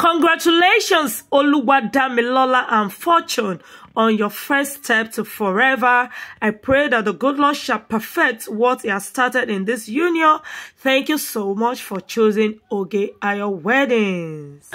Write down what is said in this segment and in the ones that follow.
Congratulations, Oluwadamilola and Fortune, on your first step to forever. I pray that the good Lord shall perfect what he has started in this union. Thank you so much for choosing Oge Ayo Weddings.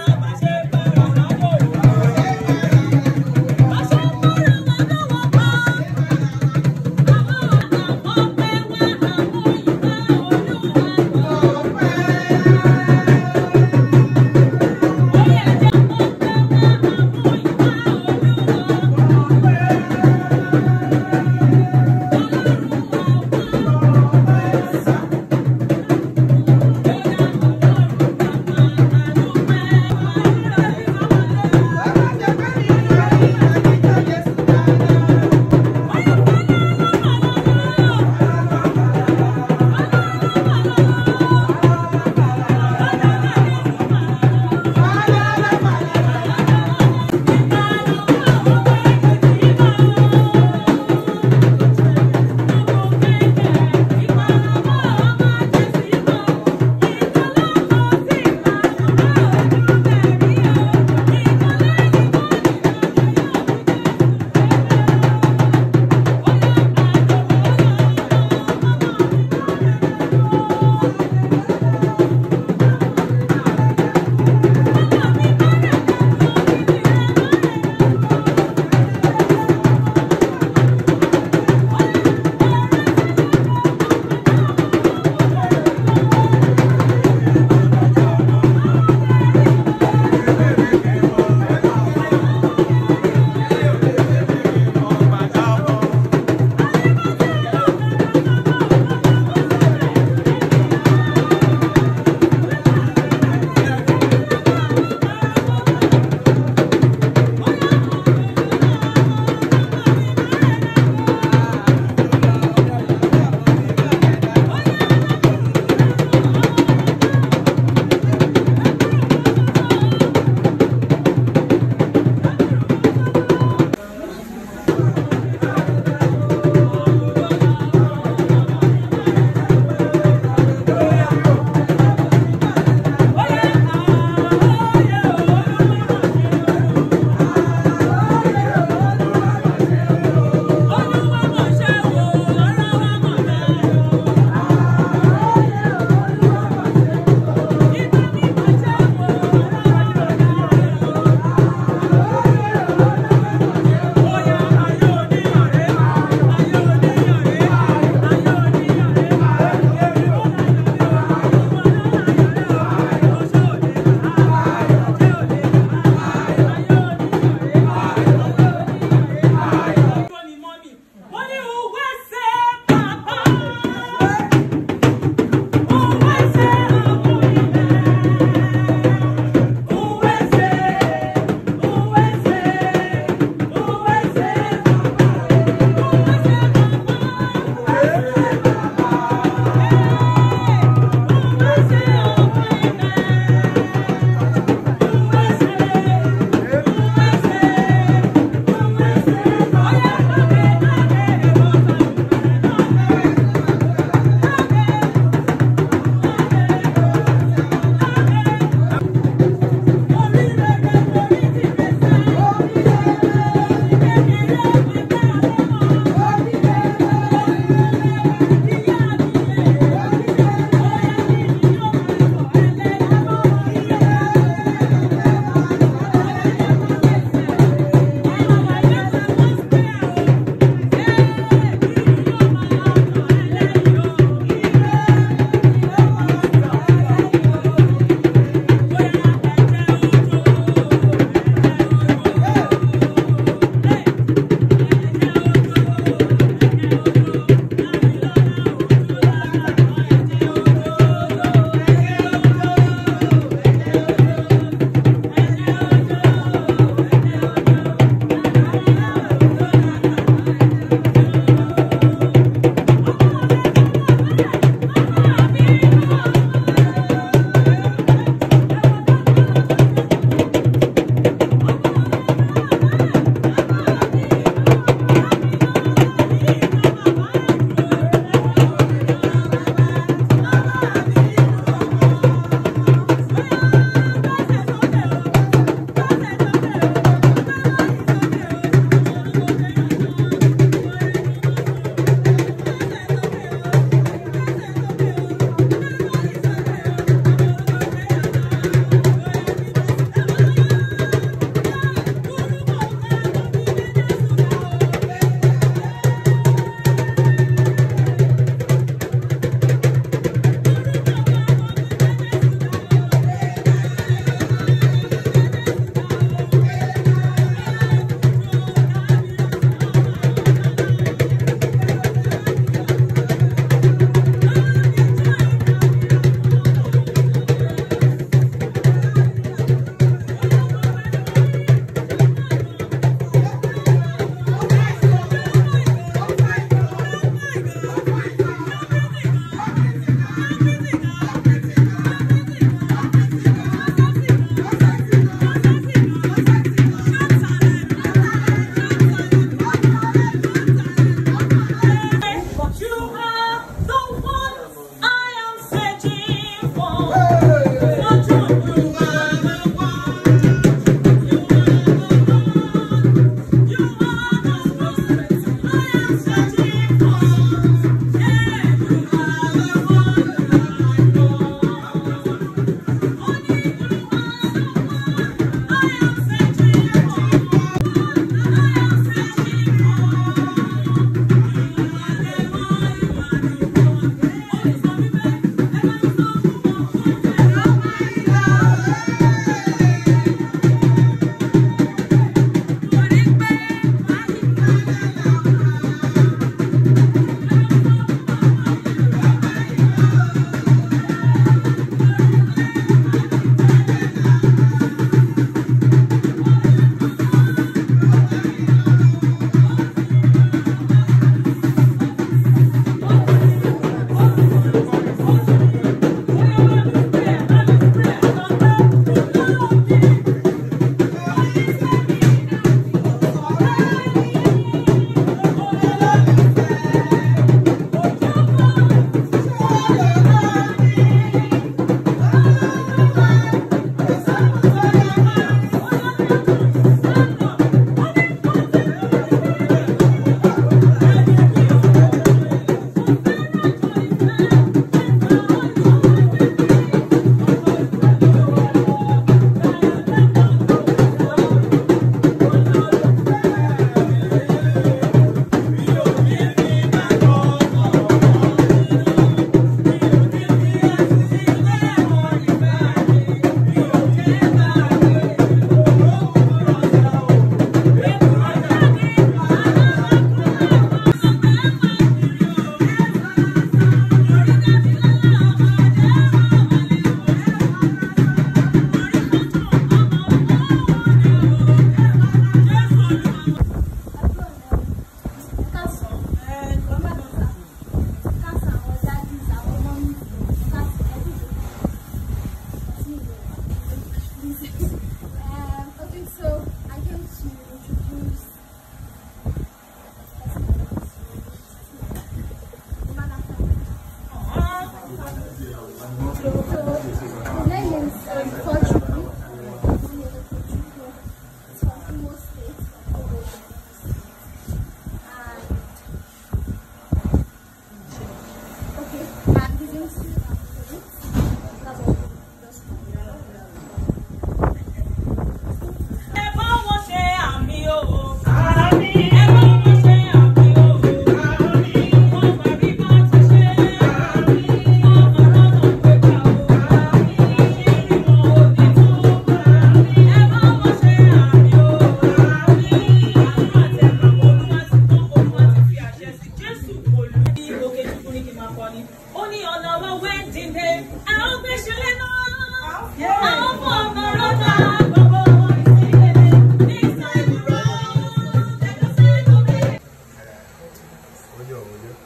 music.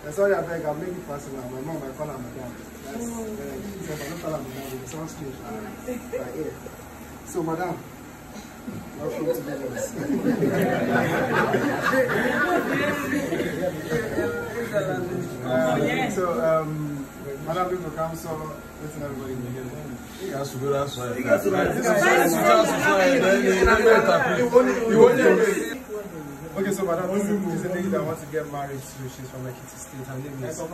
I'm sorry, I beg, I'll make it personal. My mom, I call her dad. That's, uh, I don't call her it sounds strange. Ah, so, madam, welcome to Lagos. so, um, madam, people come, so listen, everybody, you get it. You got to go You got to go You got to go You got to go Okay, so madam, this is, a lady that wants to get married to. She's from Ekiti State. Her name is, her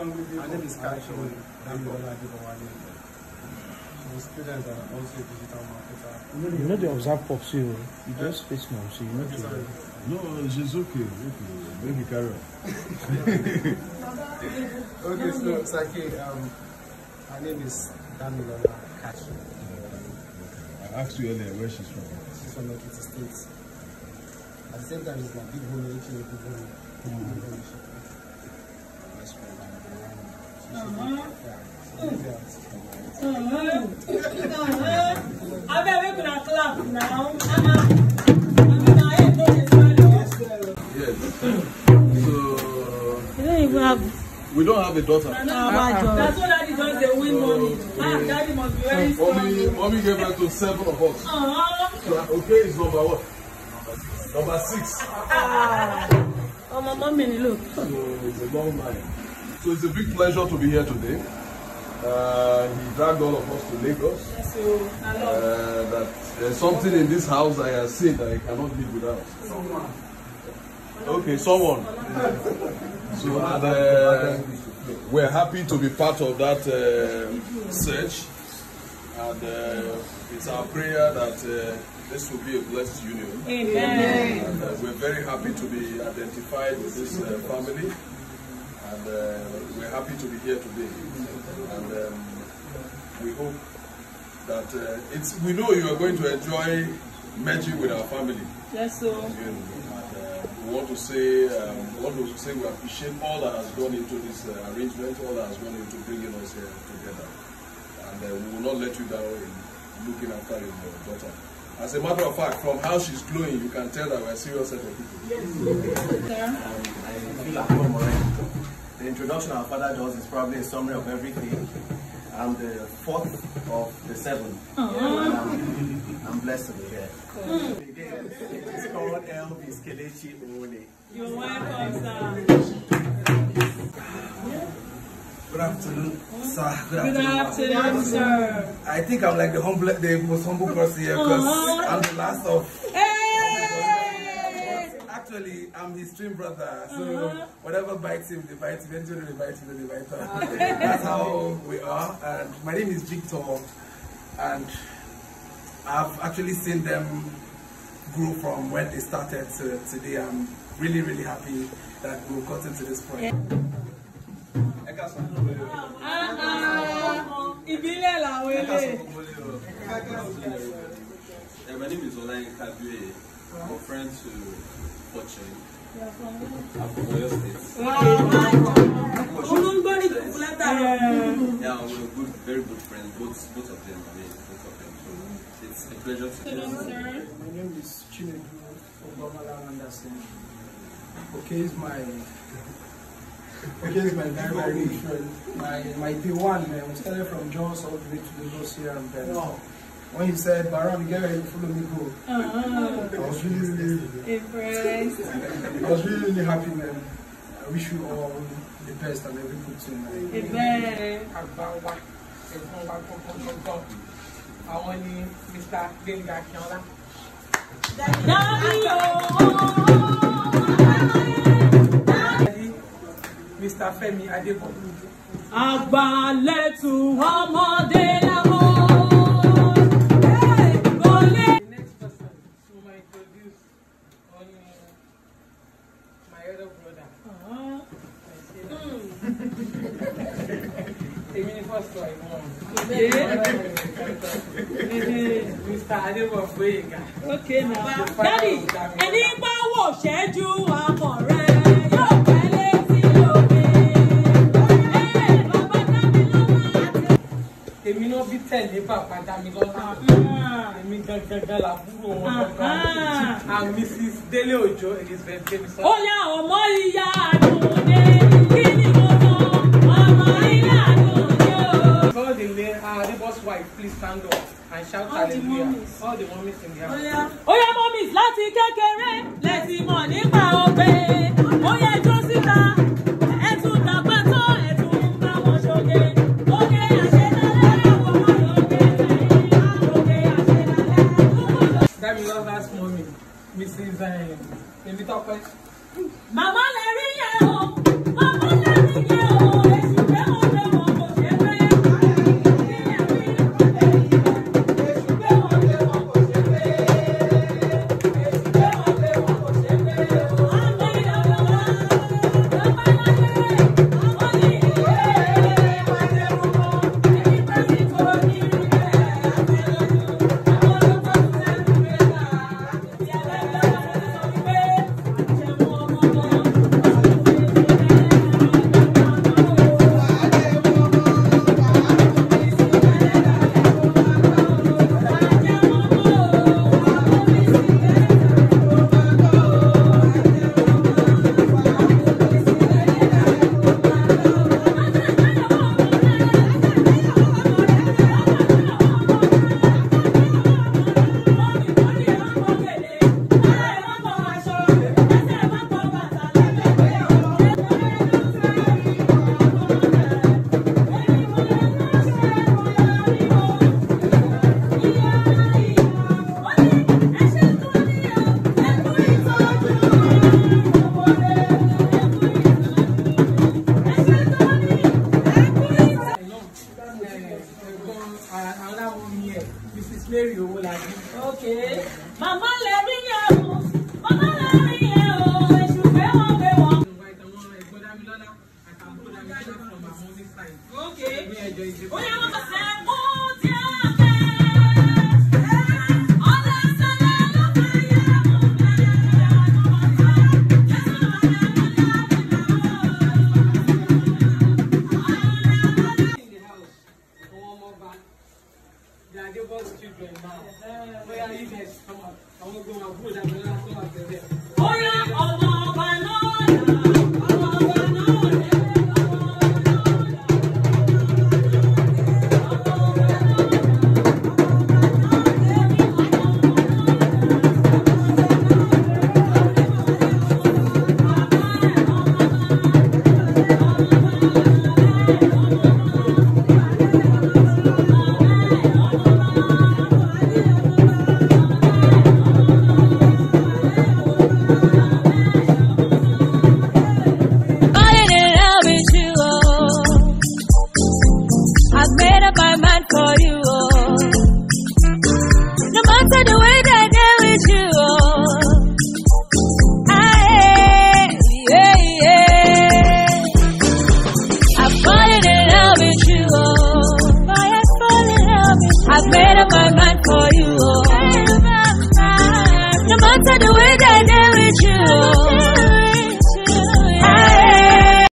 name is Kashon Damilola Adibawale. She's a student and also a digital marketer. You know they observe pops you. You just face now, so you know. Okay, No, she's okay. Okay, maybe carry on. okay, so Saki, um, her name is Damilola Kashon. I asked you earlier where she's from. She's from the Ekiti State. At the same time, it's big hole, it's big hole. Abẹ́rẹ́ kùnà clap now. don't even have. We don't have a daughter. No, uh, that's what daddy does, they win money. Oh, ah, daddy must be very strong. Mommy, mommy gave birth to seven of us. Uh -huh. So, okay, it's number one. Number six. Ah. Oh, my mommy, look. So it's a long man. So it's a big pleasure to be here today. Uh, he dragged all of us to Lagos. Yes, so, oh, uh, that there's something in this house I have seen that I cannot live without. Someone. Okay, someone. so and, uh, we're happy to be part of that uh, search, and uh, it's our prayer that. Uh, this will be a blessed union. Amen. And, uh, we're very happy to be identified with this uh, family, and uh, we're happy to be here today. And um, we hope that uh, it's. We know you are going to enjoy merging with our family. Yes, sir. And, uh, we want to say, um, we want to say, we appreciate all that has gone into this uh, arrangement, all that has gone into bringing us here together, and we will not let you down in looking after your daughter. As a matter of fact, from how she's glowing, you can tell that we're serious set of people. Yes. Um, I feel at home already. The introduction our father does is probably a summary of everything. I'm the fourth of the seven. I'm, I'm, blessed to be here. Hmm. it's called Elvis Kelechi Ole. You're welcome, sir. Good afternoon, sir. Good, Good afternoon, sir. I think I'm like the humble, the most humble person here because uh -huh. I'm the last of. Actually, I'm his twin brother, so uh -huh. whatever bites him, they bite him. Eventually, they bite him, they bite him. That's how we are. And my name is Victor, and I've actually seen them grow from when they started to today. I'm really, really happy that we've gotten to this point. Yeah ìbílẹ̀ làwọn ilé. My name is Olayin Kabue. I'm a friend to Fortune. I'm from Oyo State. Olúngbọ́nì kò Yeah, we're good, very good friends, both, both of them. I mean, both of them. So it's a pleasure to meet you. My name is Chinedu from Bamala Anderson. Okay, it's my Okay, against my very, very good friend, My, my P1, man, eh, we started from Jones all the way to Lagos here and then. When he said, Baron, get ready, follow me, go. Oh. I was really, really impressed. I was really, really happy, man. I wish you all the best and every good thing, man. Amen. Àwọn ni Mr. Gbẹ̀ngà Akínọ́lá. Dábìlì yóò. Mr. Fẹ́mi Adékọ̀ọ́lù. àgbàlẹ̀tù ọmọdé làwọn. The next person who I introduce on my other brother. Uh-huh. èmi ni first boy wọn. Mr. Adébọ̀ daddy ẹni bá wò ṣẹ́jú àmọ̀ràn. ló fi tẹ̀lé bàbá Dámilọ́lá ah. èmi gangan làbúrò wọn gangan and Mrs. Délé Òjó Elizabeth Jameson. ó yá ọmọ ìyá àdùnní kí ni mo mọ ọmọ ìyá àdùnní. all the uh, neighbors wife please stand up and shout all hallelujah the all the mummies in the house. ó yá mummies láti kékeré lẹ́sìn mọ̀ nípa ọbẹ̀ ó yẹ jó síta. Imita o pet. Okay, Mama ni ẹ̀ Mrs bóyá ibẹ̀ àwọn gbọ́n